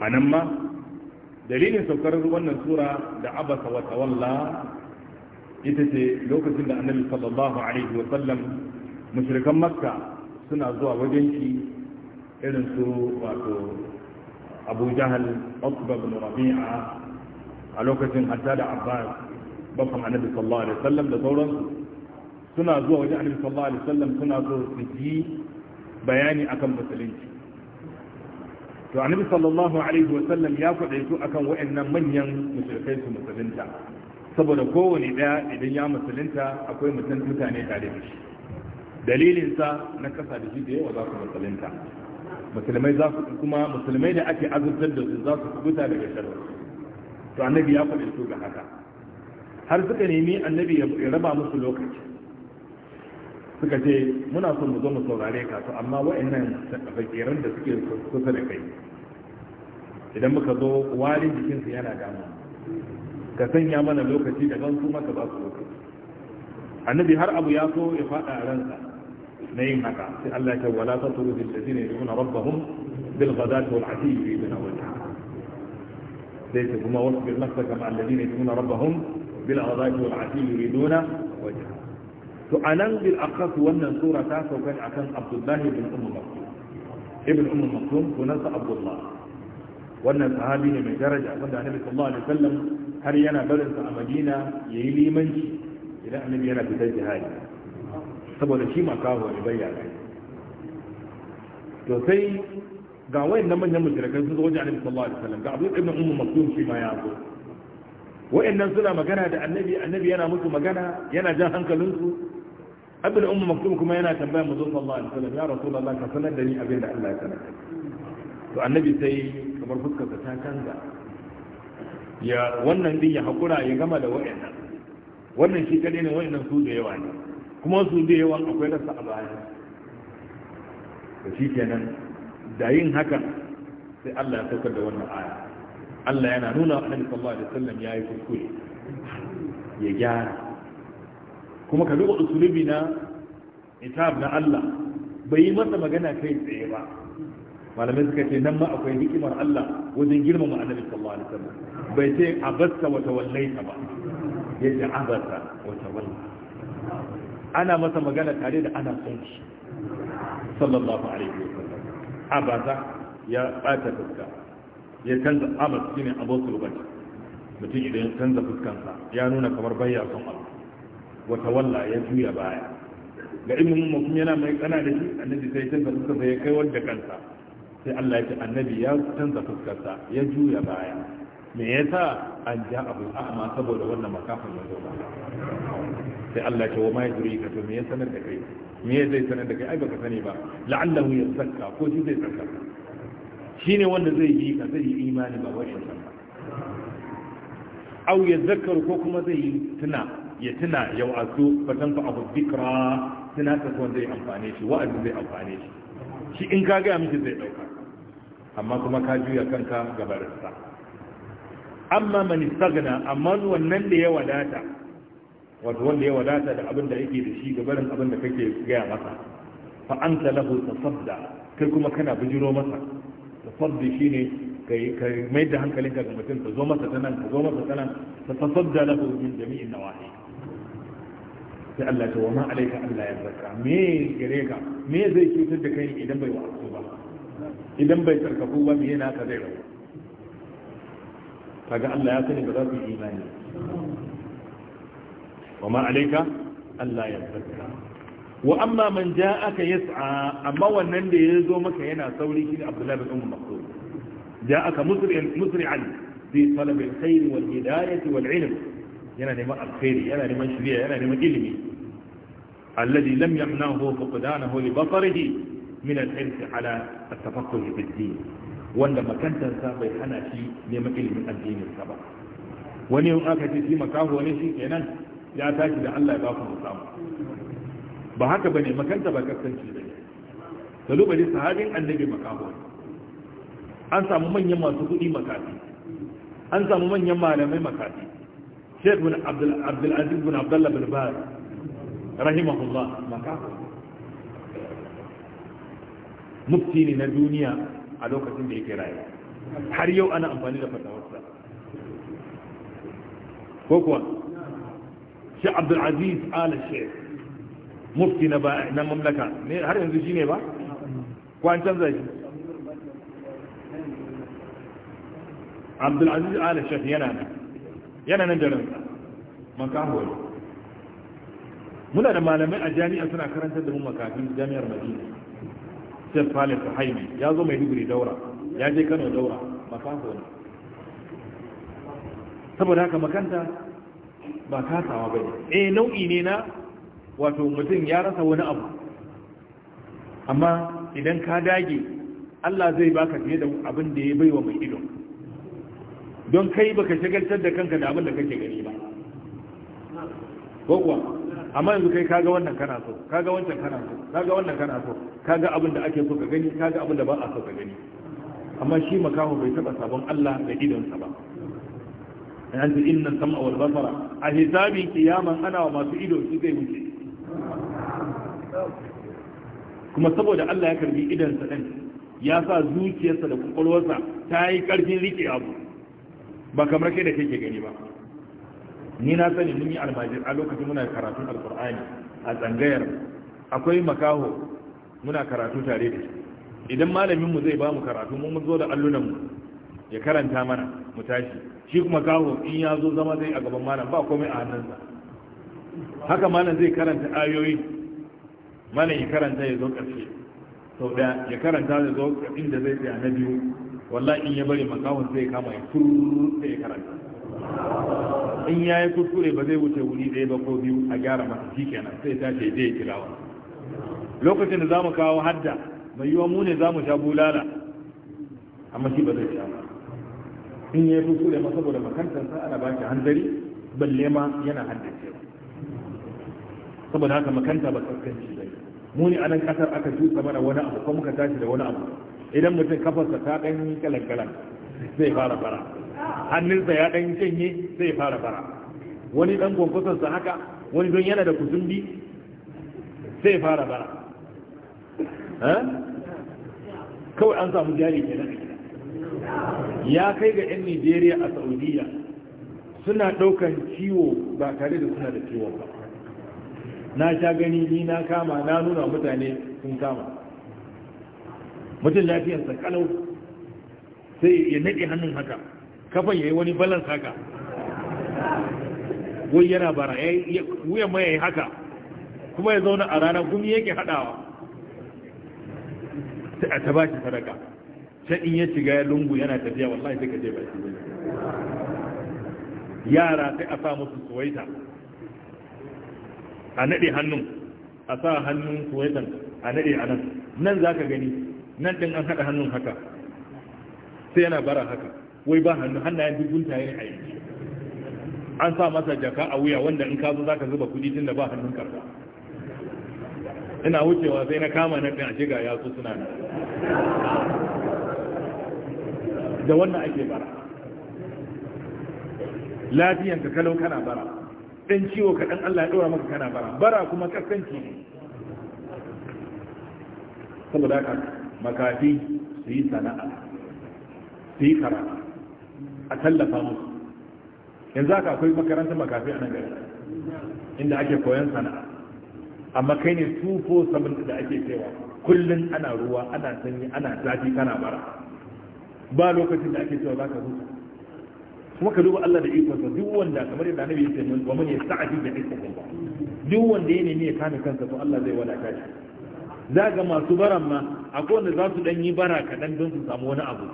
anan ma dalilin saukar wannan sura da abasa wa tawalla ita ce lokacin da annabi sallallahu alaihi wa sallam mushrikan makka suna zuwa wajen shi irin su wato abu jahal utba bin rabi'a a lokacin hatta da abbas bakon annabi sallallahu alaihi wa sallam da sauransu suna zuwa wajen annabi sallallahu alaihi wasallam suna zo su yi bayani akan musulunci to annabi sallallahu alaihi wasallam ya faɗa su akan waɗannan manyan musulkai su musulunta saboda kowane ɗaya idan ya musulunta akwai mutum mutane tare da shi dalilinsa na kasa da shi da yawa za su musulunta musulmai za su kuma musulmai da ake azurtar da su za su kubuta daga sharri to annabi ya faɗa su ga haka har suka nemi annabi ya raba musu lokaci suka ce muna son mu zo mu saurare ka to amma wa'annan fakiran da suke kusa da kai idan muka zo warin jikinsu yana damu ka sanya mana lokaci daban su maka ba su lokaci annabi har abu ya so ya fada a ransa na yin haka sai Allah ya wala ta turu bil ladina yuna rabbahum bil ghadati wal ati fi bina wajha sai ta kuma wasu bil nafsa kama alladina yuna rabbahum bil ghadati wal ati yuriduna wajha to a nan bil akhas wannan sura ta sauka akan abdullahi bin ummu maktum ibn ummu maktum sunansa abdullah wannan sahabi ne mai daraja wanda annabi sallallahu alaihi wasallam har yana barin sa a madina yayi limanci idan annabi yana fitar jihadi saboda shi makaho ne bayyana to sai ga wayannan manyan mushrikai sun zo wajen annabi sallallahu alaihi wasallam ga abu ibn ummu maktum shi ma ya zo wayannan suna magana da annabi annabi yana musu magana yana jan hankalinsu abin ummu maktum kuma yana tambaya manzo sallallahu alaihi wasallam ya rasu rasulullah ka sanar da ni abin da Allah ya sanar to annabi sai kamar fuskar ta canza ya wannan din ya hakura ya gama da wayannan wannan shi kadai ne wayannan su da yawa ne kuma su da yawa akwai rasa a baya to shikenan da yin haka sai Allah ya saukar da wannan aya Allah yana nuna wa annabi sallallahu alaihi wasallam yayi kuskure ya gyara kuma ka duba usulubi na itab na Allah bai yi masa magana kai tsaye ba malamai suka ce nan ma akwai hikimar Allah wajen girmama annabi sallallahu alaihi wasallam bai ce abasta wa tawallaita ba yace abasta wa tawalla ana masa magana tare da ana son shi sallallahu alaihi wasallam abasa ya bata fuska ya canza abas shine abosul baki mutum idan canza fuskansa ya nuna kamar bayya son Allah wata walla ya juya baya ga ibn mutum yana mai kana da shi annabi sai canza fuskarsa ya kai wanda kansa sai Allah ya ce annabi ya canza fuskarsa ya juya baya me yasa an ja abu ahma saboda wannan makafin ya zo ba sai Allah ce wa ma yuri ka to me ya sanar da kai me ya zai sanar da kai ai baka sani ba la'allahu yazakka ko shi zai tsaka shine wanda zai yi ka zai yi imani ba wai ya ba au yazakkaru ko kuma zai yi tuna ya tuna ya wasu fatan fa abu zikra tuna ta wanda zai amfane shi wa'azi zai amfane shi shi in ka gaya miki zai dauka amma kuma ka juya kanka gabarinsa amma man istagna amma wannan da ya wadata wato wanda ya wadata da abin da yake da shi gabarin abin da kake gaya masa fa anta lahu tasadda kai kuma kana bijiro masa tasaddi shine ka mai da hankalinka ga mutum ka zo masa ta nan ka zo masa ta nan ta tasadda lahu min jami'in nawahi sai Allah ta wama alaika Allah ya zaka me gare ka me zai cutar da kai idan bai wasu ba idan bai tsarkaku ba me yana ka zai rawa kaga Allah ya sani ba za su yi imani wama alaika Allah ya zaka wa amma man ja'aka yas'a amma wannan da ya zo maka yana sauri shi Abdullahi bin Umar Maktum ja'aka musri'an musri'an fi talab al-khair wal hidayah wal ilm yana neman alkhairi yana neman shiriya yana neman ilimi alladhi lam yamnahu fuqdanahu li basarihi min al-hirs ala at-tafaqquh fi din wanda makantansa bai hana shi neman ilimin addinin sa ba wani in aka ce shi makaho ne shi kenan ya tashi da Allah ya ba ku samu ba haka bane makanta ba kasance da ne da lokaci sahabin annabi makaho ne an samu manyan masu kuɗi makafi an samu manyan malamai makafi شيخ بن عبد العزيز بن عبد الله بن باز رحمه الله من الدنيا على وقت ذلك رأي حريو أنا أمبالي أمباني لفتوصة فوقوا شيخ عبد العزيز آل الشيخ مبتينا بأحنا نعم من هل ينزجيني بأ؟ كوان تنزج عبد العزيز آل الشيخ ينانك yana nan da ransa makaho muna da malamai a jami'a suna karantar da mu makafin jami'ar madina chef palace haimi ya zo mai digiri daura ya je kano daura makaho ne saboda haka makanta ba kasawa ba ne eh nau'i ne na wato mutum ya rasa wani abu amma idan ka dage Allah zai baka fiye da abin da ya baiwa mai ido don kai baka shagaltar da kanka da abin da kake gani ba ko kuwa amma yanzu kai kaga wannan kana so kaga wancan kana so kaga wannan kana so kaga abin da ake so ka gani kaga abin da ba a so ka gani amma shi makaho bai taba sabon Allah da idonsa ba yanzu inna sam'a wal basara a hisabin kiyaman ana wa masu ido shi zai wuce kuma saboda Allah ya karbi idonsa din ya sa zuciyarsa da kwakwalwarsa ta yi karfin rike abu ba kamar kai da kake gani ba ni na sani mun yi almajir a lokacin muna karatun alkur'ani a tsangayar akwai makaho muna karatu tare da shi idan malamin mu zai ba mu karatu mun zo da allunan mu ya karanta mana mu tashi shi kuma kaho in ya zo zama zai a gaban malam ba komai a hannunsa haka malam zai karanta ayoyi malam ya karanta ya zo ƙarshe sau da ya karanta ya zo inda zai tsaya na biyu wallahi in ya bari makahon zai kama ya kurkure ya karanta in ya yi kuskure ba zai wuce wuri ɗaya ba ko biyu a gyara masa shi kenan sai ta ce zai tilawa lokacin da za mu kawo hadda mai yiwa mu ne za mu sha bulala amma shi ba zai sha ba in ya yi kuskure ma saboda sa ana ba hanzari balle ma yana haddacewa saboda haka makanta ba tsakanci ba mu ne anan kasar aka tusa mana wani abu kuma muka tashi da wani abu idan mutum kafarsa ta ɗan yi kalan zai fara fara hannunsa ya ɗan shanye zai fara fara wani ɗan gwankwasarsa haka wani don yana da kusumbi zai fara fara eh? kawai an samu jari ke nan ya kai ga 'yan nigeria a saudiya suna ɗaukan ciwo ba tare da suna da ciwon ba na sha gani ni na kama na nuna mutane sun kama mutum lafiyarsa kalau sai ya naɗe hannun haka kafan ya yi wani balans haka wai yana bara wuyan ma ya yi haka kuma ya zauna a rana gumi yake haɗawa sai a ta shi sadaka sai in ya shiga ya lungu yana tafiya wallahi sai ka je bai yara sai a sa musu suwaita a naɗe hannun a sa hannun suwaitan a naɗe a nan nan za ka gani nan din an haɗa hannun haka sai yana bara haka wai ba hannu hannayen dubbunta ya a yanki an sa masa jaka a wuya wanda in ka zo za ka zuba kuɗi tun da ba hannun karfa ina wucewa sai na kama nan ɗin a shiga yatsu suna nan da wannan ake bara lafiyan ka kalau kana bara ɗan ciwo ka ɗan Allah ya ɗora maka kana bara bara kuma kaskanci ne saboda haka makafi su yi sana'a su yi karatu a tallafa musu yanzu haka akwai makarantar makafi a nan gari inda ake koyon sana'a amma kai ne tufo sabon da ake cewa kullum ana ruwa ana sanyi ana zafi kana bara ba lokacin da ake cewa za ka huta kuma ka duba Allah da sa duk wanda kamar yadda annabi ya ce wa man yasta'fi bi ikonsa duk wanda ya nemi ya kame kansa to Allah zai ka shi za ga masu baran ma akwai wanda za su dan yi bara kaɗan don su samu wani abu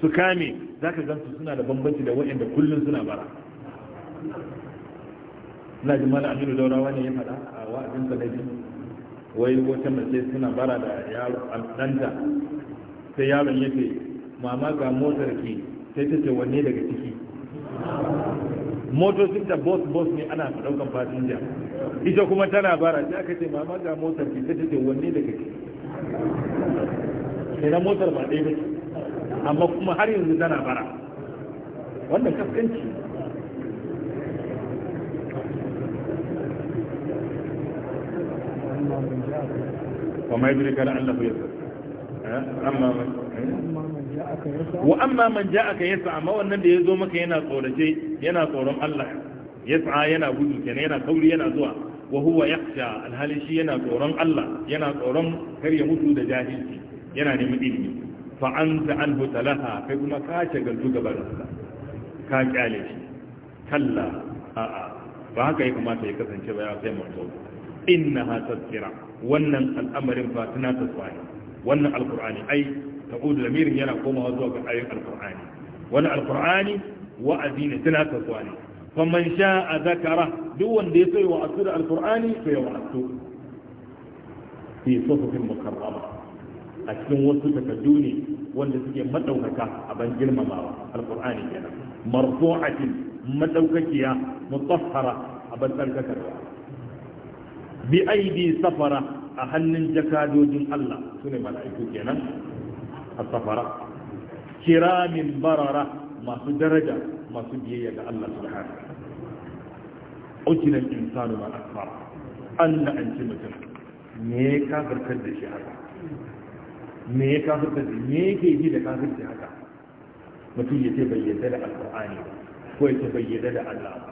su kame za ka gansu suna da bambanci da waɗanda kullum suna bara na ji na aminu daurawa ne ya faɗa a wa'azin sa biyu wai wata mace suna bara da yaro ɗanta sai yaron ya ce mama ga motar ki sai ta ce wanne daga ciki motocin da bus bus ne ana daukan fasinja ita kuma tana bara sai aka ce mama ga motar ki ta ce wanne da kake ina motar ba dai bace amma kuma har yanzu tana bara wannan kaskanci وما Allah ya yarda أما amma eh? wa amma man ja'aka yasa amma wannan da ya zo maka yana tsorace yana tsoron Allah yasa yana gudu kenan yana kauri yana zuwa wa huwa yakhsha alhali shi yana tsoron Allah yana tsoron kar ya mutu da jahilci yana neman ilimi fa anta anhu talaha kai kuma ka ce ga gaban sa ka kyale shi kalla a'a ba haka ya kamata ya kasance ba ya sai mutum innaha tazkira wannan al'amarin ba tunatarwa ne wannan alkur'ani ai ta'udu lamirin yana komawa zuwa ga ayoyin alqur'ani wani alqur'ani wa'azi ne tunatarwa ne faman sha'a zakara duk wanda ya sai wa'azu da alqur'ani to ya wa'azu fi sufufin mukarrama a cikin wasu takardu ne wanda suke madaukaka a ban girmamawa alqur'ani kenan marfu'atin madaukakiya mutahhara a ban tsarkakarwa bi aidi safara a hannun jakadojin Allah sune mala'iku kenan as-safara kiramin barara masu daraja masu biyayya ga Allah subhanahu ujina al-insanu ma akbar an da an ci mutum me ya kafirtar da shi haka me ya kafirtar da me yake yi da kafirci haka mutum ya ce bai yarda da alqur'ani ko ya ce bai yarda da Allah ba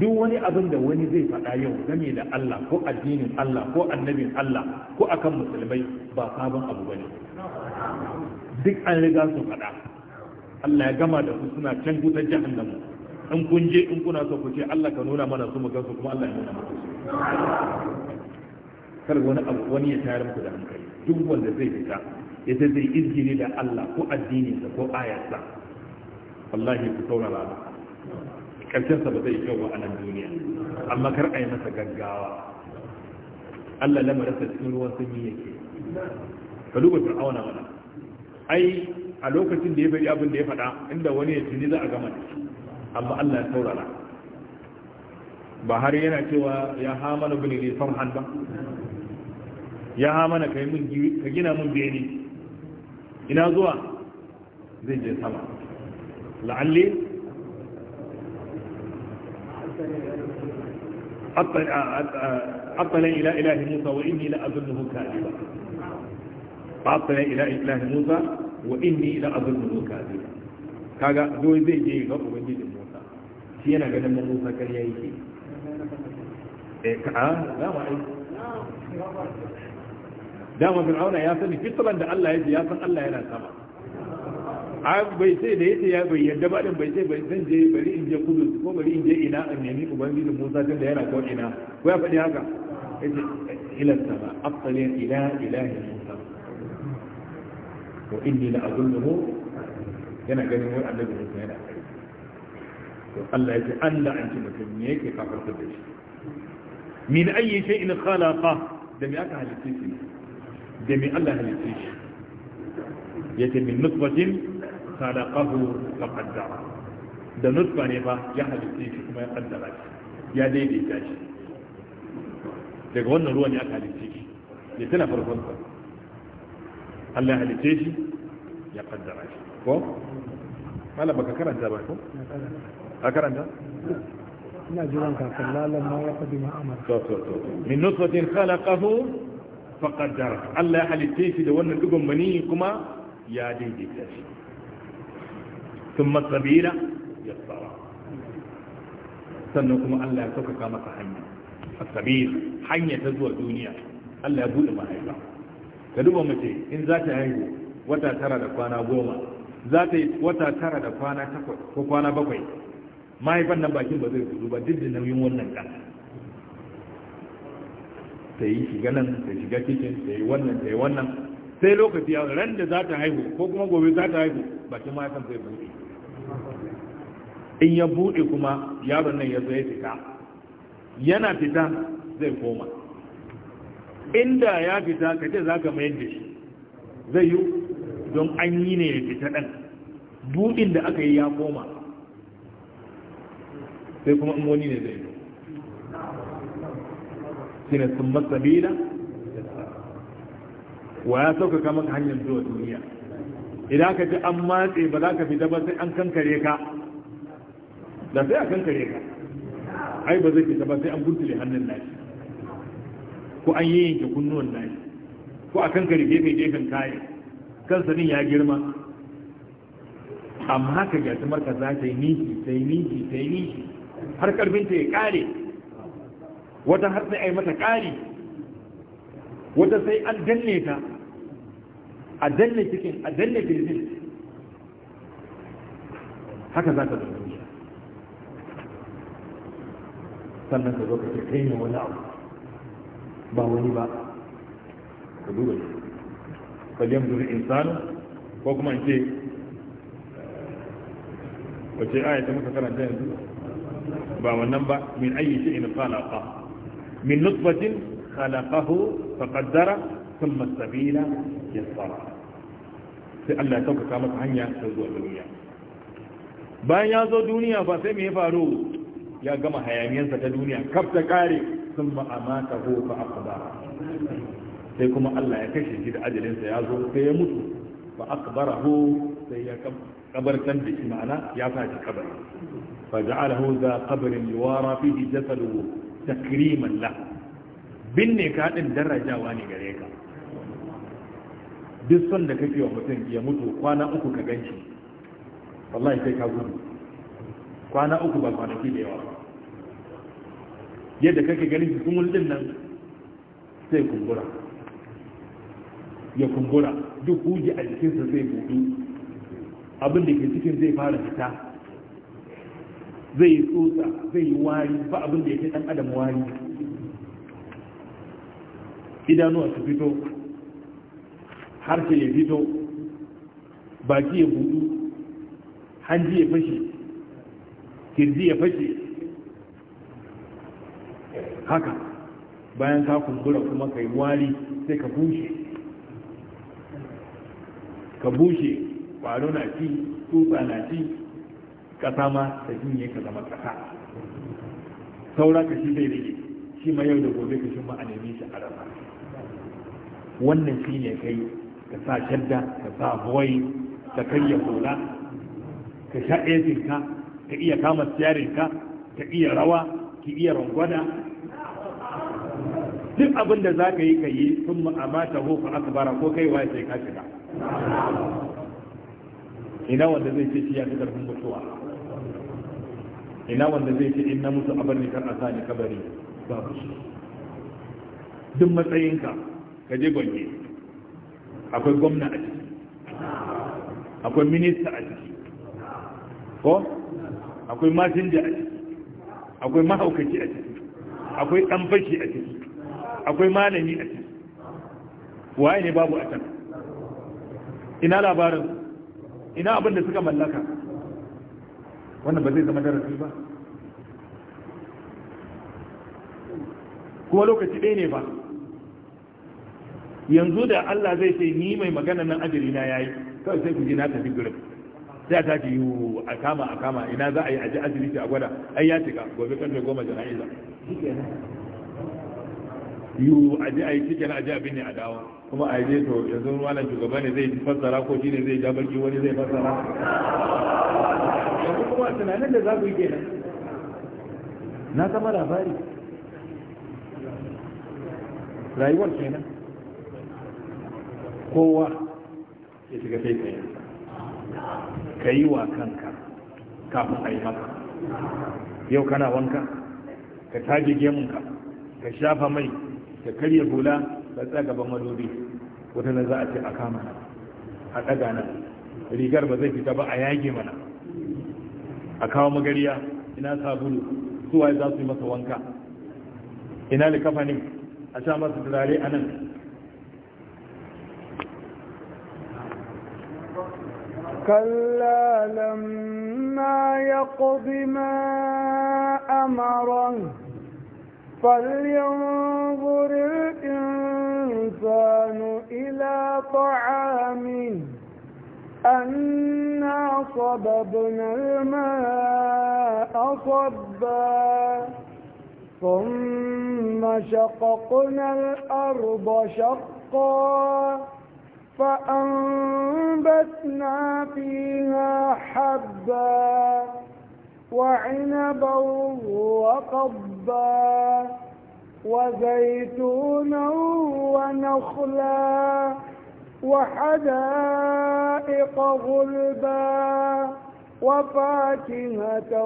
duk wani abin da wani zai faɗa yau game da Allah ko addinin Allah ko annabin Allah ko akan musulmai ba sabon abu ba ne. duk an riga su faɗa Allah ya gama da su suna can gutar jahannam in kun je in kuna so ku ce Allah ka nuna mana su mu kuma Allah ya nuna mana su kar wani abu wani ya tayar muku da hankali duk wanda zai fita ya ta zai izgini da Allah ko sa ko ayarsa wallahi ku tauna saurara ba sa ba zai kyau ba a nan duniya amma kar a yi masa gaggawa Allah lamarasa cikin ruwan sanyi yake ka duba fir'auna mana ai a lokacin da ya faɗi abin da ya faɗa inda wani ya tuni za a gama amma Allah ya saurara ba har yana cewa ya hamana bin ne farhan ba ya hamana kai mun ka gina mun bene ina zuwa zai je sama la'alli أطلع إلى إله موسى وإني لأظنه كاذبا fatan ila ilahi musa wa inni ila azunnu kadhiba kaga zoi zai je ga ubangijin musa shi yana ganin man musa kar yayi ke dama bin da ya sani fitilan da Allah ya ji ya san Allah yana sama bai sai da yace ya bai yadda ba din bai sai bai zan je bari in je kudu ko bari in je ina a nemi ubangiji Musa tun da yana ko ina ko ya faɗi haka yace ila sama afsalin ila ilahi wa inni la azunnuhu yana ganin wai annabi Musa yana to Allah yake Allah an ci mutum ne yake da shi min ayyi shay'in khalaqa da me aka halitta shi da me Allah halitta shi yake min nutfatin khalaqahu faqaddara da nutfa ne ba ya halitta shi kuma ya kaddara shi ya daidaita shi daga wannan ruwan ya halitta shi ya tana farkon sa Allah halice shi ya kaddara shi ko karanta ba ko a karanta ina jiran ka ma ya fadi ma amara to to to min nutfatin khalaqahu Allah shi da wannan dugon mani kuma ya daidaita shi thumma sannan kuma Allah ya sauƙaƙa masa hanya hanya ta zuwa duniya Allah ya buɗe mahaifa ka duba mace in za ta haihu wata tara da kwana goma za ta yi wata tara da kwana takwas ko kwana bakwai mahaifan nan bakin ba zai fito ba duk da nauyin wannan ɗan ta yi shiga nan ta shiga kicin ta yi wannan ta yi wannan sai lokaci ya ran da za ta haihu ko kuma gobe za ta haihu bakin mahaifan zai buɗe in ya buɗe kuma yaron nan ya zo ya fita yana fita zai koma inda ya fita ka ce za ka mayar da shi zai yi don an yi ne ya fita ɗan buɗin da aka yi ya koma sai kuma in wani ne zai yi shi ne sun matsabila wa ya sauƙaƙa maka hanyar zuwa duniya idan ka ji an matse ba za ka fita ba sai an kankare ka da sai a kankare ka ai ba zai fita ba sai an guntule hannun nashi ko an yayyanke kunnuwan nashi ko a kanka da mai gefen kayan kansa din ya girma amma haka ga tumar ka za ta yi nishi ta yi nishi ta yi nishi har karfinta ya kare wata har sai a yi mata kare wata sai an danne ta a danne cikin a danne kirjin haka za ta zama sannan ka zo ka ce kai ne wani abu ba wani ba ka duba shi kalyan zuri insanu ko kuma in ce wace ce ta muka karanta yanzu ba wannan ba min ayi shi in khalaqa min nutfatin khalaqahu qaddara thumma sabila yasara sai Allah ya sauƙaƙa masa hanya ta zuwa duniya bayan ya zo duniya ba sai me ya faru ya gama hayaniyarsa ta duniya kafta kare sun mata ko a akaba sai kuma Allah ya kashe shi da ajalinsa ya zo sai ya mutu ba a akbara ho sai ya kabartar da shi ma'ana ya sa shi kabar fa ja'alahu za fi yuwara fihi ta kiriman la binne kaɗin darajawa ne gare ka duk son da kake wa mutum ya mutu kwana uku ka shi wallahi sai ka gudu kwana uku ba kwanaki da yawa ba. yadda kake ganin hukumul din nan sai kumbura ya kumbura duk huji a jikinsa zai buɗu abin da ke cikin zai fara fita zai yi tsotsa zai yi wari ba abin da ya kai ɗan adam wari idanuwa su fito harshe ya fito baki ya buɗu hanji ya fashe kirji ya fashe haka bayan ka kumbura kuma kai wari sai ka bushe ka bushe ƙwaro na ci tsutsa na ci ƙasa ma ta jinye ka zama ƙasa saura ka shi zai rage shi ma yau da gobe ka shi ma a nemi shi a rasa wannan shi ne kai ka sa shadda ka sa boy ka karya hula ka sha ka iya kama siyarinka ka iya rawa ki iya rangwada duk abin da za ka yi ka yi sun ma'amata ko ka akbara ko kai waye sai ka shiga ina wanda zai ce shi ya fi karfin mutuwa ina wanda zai ce in na mutu abar ni kar a sa ni kabari babu shi duk matsayinka ka je gwange akwai gwamna a ciki akwai minista a ciki ko akwai masinja a ciki akwai mahaukaci a ciki akwai ɗan fashi a ciki akwai malami a ciki waye ne babu a can ina labarin ina abin da suka mallaka wannan ba zai zama darasi ba kuma lokaci ɗaya ne ba yanzu da Allah zai sai ni mai magana nan ajiri na yayi kawai sai ku ji na tafi gurin sai a tashi yiwu a kama a kama ina za a yi aji asibiti a gwada ai ya cika gobe karfe goma jana'iza yiwu aji a yi cikin aji abin ne a dawo kuma a je to yanzu wani shugaba ne zai fassara ko shi ne zai ja barki wani zai fassara yanzu kuma tunanin da za ku yi kenan na kama labari rayuwar kenan kowa ya shiga kai tsaye ka yi wa kanka kafin a yi maka yau kana wanka ka taji gemunka ka shafa mai ka karya hula ka tsaya gaban madobi wata na za a ce a kama a ɗaga nan rigar ba zai fita ba a yage mana a kawo magariya ina sabulu suwa za su yi masa wanka ina likafa ne a sha masa turare a nan كلا لما يقض ما أمره فلينظر الإنسان إلى طعامه أنا صببنا الماء صبا ثم شققنا الأرض شقا فأنظر وأنبتنا فيها حبا وعنبا وقبا وزيتونا ونخلا وحدائق غلبا وفاكهة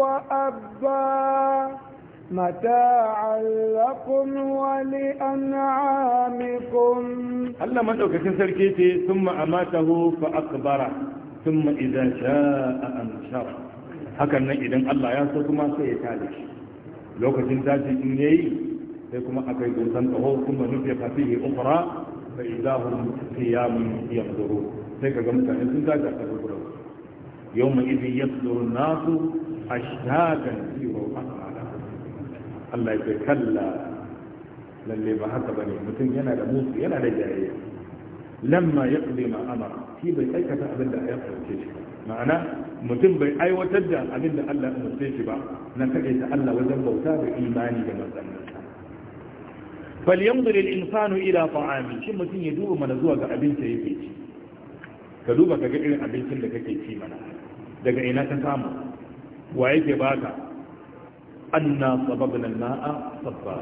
وأبا متاعا لكم ولأنعامكم هل لم تكن سركيتي ثم أماته فأكبره ثم إذا شاء أنشر هكذا إذن الله يأسوك ما سيتالك لو كنت تاتي إني فيكم أكيد سنتهو ثم نفق فيه أخرى فإذا هم قيام يقدرون فيك قمت أن سنتاتي يومئذ يصدر الناس أشهاداً Allah ya kalla lalle ba haka bane mutum yana da musu yana da jayayya lamma yaqdi ma amara shi bai aikata abin da ya farce shi ma'ana mutum bai aiwatar da abin da Allah ya farce shi ba na kade ta Allah wajen bauta da imani da manzanninsa falyanzur al-insanu ila ta'ami shi mutum ya duba mana zuwa ga abinci yake ci ka duba ka ga irin abincin da kake ci mana daga ina ka samu wa yake baka anna sababna ma'a safa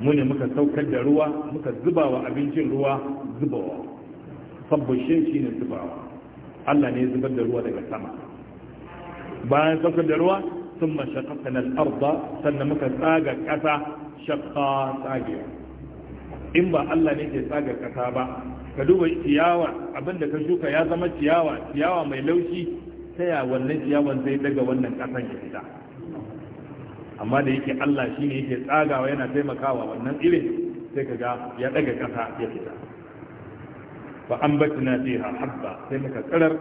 mu muka saukar da ruwa muka zubawa abincin ruwa zubawa sabbushin shine zubawa Allah ne ya zubar da ruwa daga sama bayan saukar da ruwa sun al-ardha sannan muka tsaga ƙasa shaqqa tsage in ba Allah ne ke tsaga ƙasa ba ka duba ciyawa abinda ka shuka ya zama ciyawa ciyawa mai laushi ta ya wannan ciyawan zai daga wannan ƙasan ya fita amma da yake Allah ne yake tsagawa yana taimakawa wannan irin sai ka ga ya ɗaga kasa ya fita fa ambatna fiha habba sai muka tsarar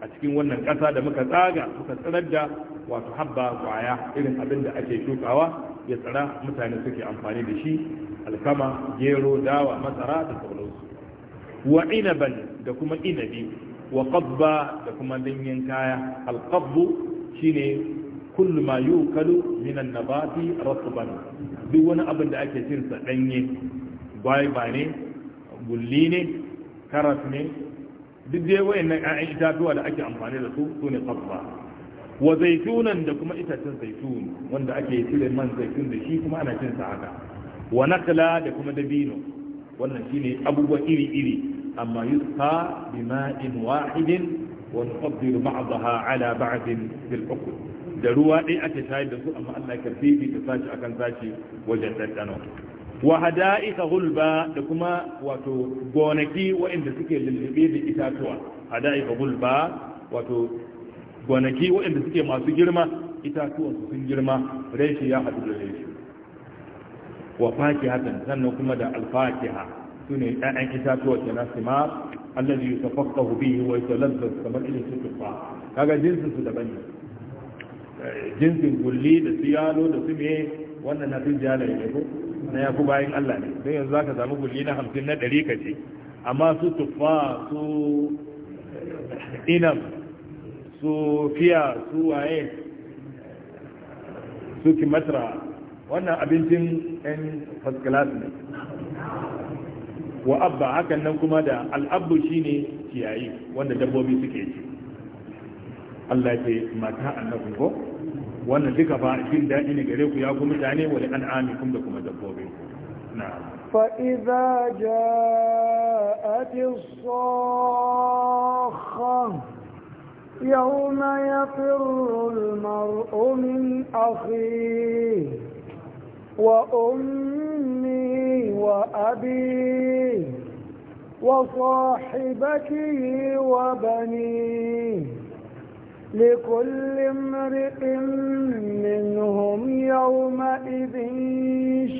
a cikin wannan ƙasa da muka tsaga muka tsarar da wato habba kwaya irin abin da ake shukawa ya tsara mutane suke amfani da shi alkama gero dawa masara da sauransu wa inaban da kuma inabi wa qabba da kuma danyen kaya alqabbu shine kullu ma yukalu min an-nabati ratban duk wani abin da ake cin sa danye gwaiba ne gulli ne karas ne duk dai wayannan ƴaƴan itatuwa da ake amfani da su ne qabba wa zaitunan da kuma itacen zaitun wanda ake cire man zaitun da shi kuma ana cin sa haka wa nakla da kuma dabino wannan shine abubuwa iri-iri amma yusqa bima'in wahidin wa nuqaddiru ba'daha ala ba'din bil hukm da ruwa ɗaya ake shayar da su amma Allah ka fifi ta sashi akan sashi wajen ɗanɗano wa hada'ika gulba da kuma wato gonaki waɗanda suke lullube da itatuwa hada'ika gulba wato gonaki waɗanda suke masu girma itatuwan su sun girma reshi ya haɗu da reshi wa faki fakihatan sannan kuma da alfakiha sune ƴaƴan itatuwa kenan simar allazi yatafaqahu bihi wa yatalazzaz kamar irin su tuffa kaga jinsin su daban ne jinsin gulli da su yalo da su me wannan na sun jala ne ko na ya bayan Allah ne don yanzu za ka samu gulli na hamsin na ɗari ka ce amma su tuffa su inam su fiya su waye su kimatra wannan abincin yan first class ne wa abba hakan nan kuma da shi ne ciyayi wanda dabbobi suke ci Allah ya ce mata annabi ko wannan duka ba jin daɗi ne gare ku ya ku mutane wa li an'amikum da kuma dabbobin ku na'am fa idza ja'at as-sakha يوم wa المرء wa abi wa وأبيه wa وبنيه لكل امرئ منهم يومئذ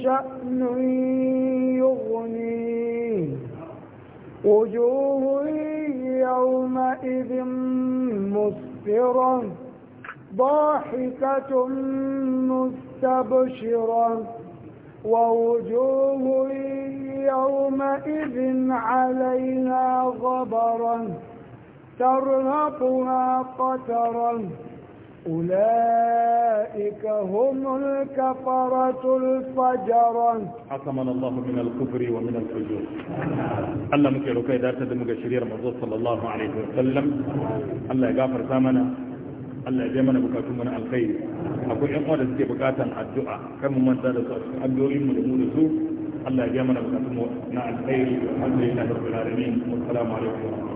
شأن يغنيه وجوه يومئذ مسفرة ضاحكة مستبشرة ووجوه يومئذ عليها غبرة ترهقها قترا أولئك هم الكفرة الفجرا حكمنا الله من الكفر ومن الفجور الله مكيرك إذا أرتدمك الشرير مرضو صلى الله عليه وسلم الله يقافر ثامنا الله يجمنا بكاتمنا الخير أقول إقوال ذكي بكاتا الدعاء كم من ذلك أبدو إم الأمور الله يجمنا بكاتمنا الخير والحمد لله رب العالمين والسلام عليكم ورحمة الله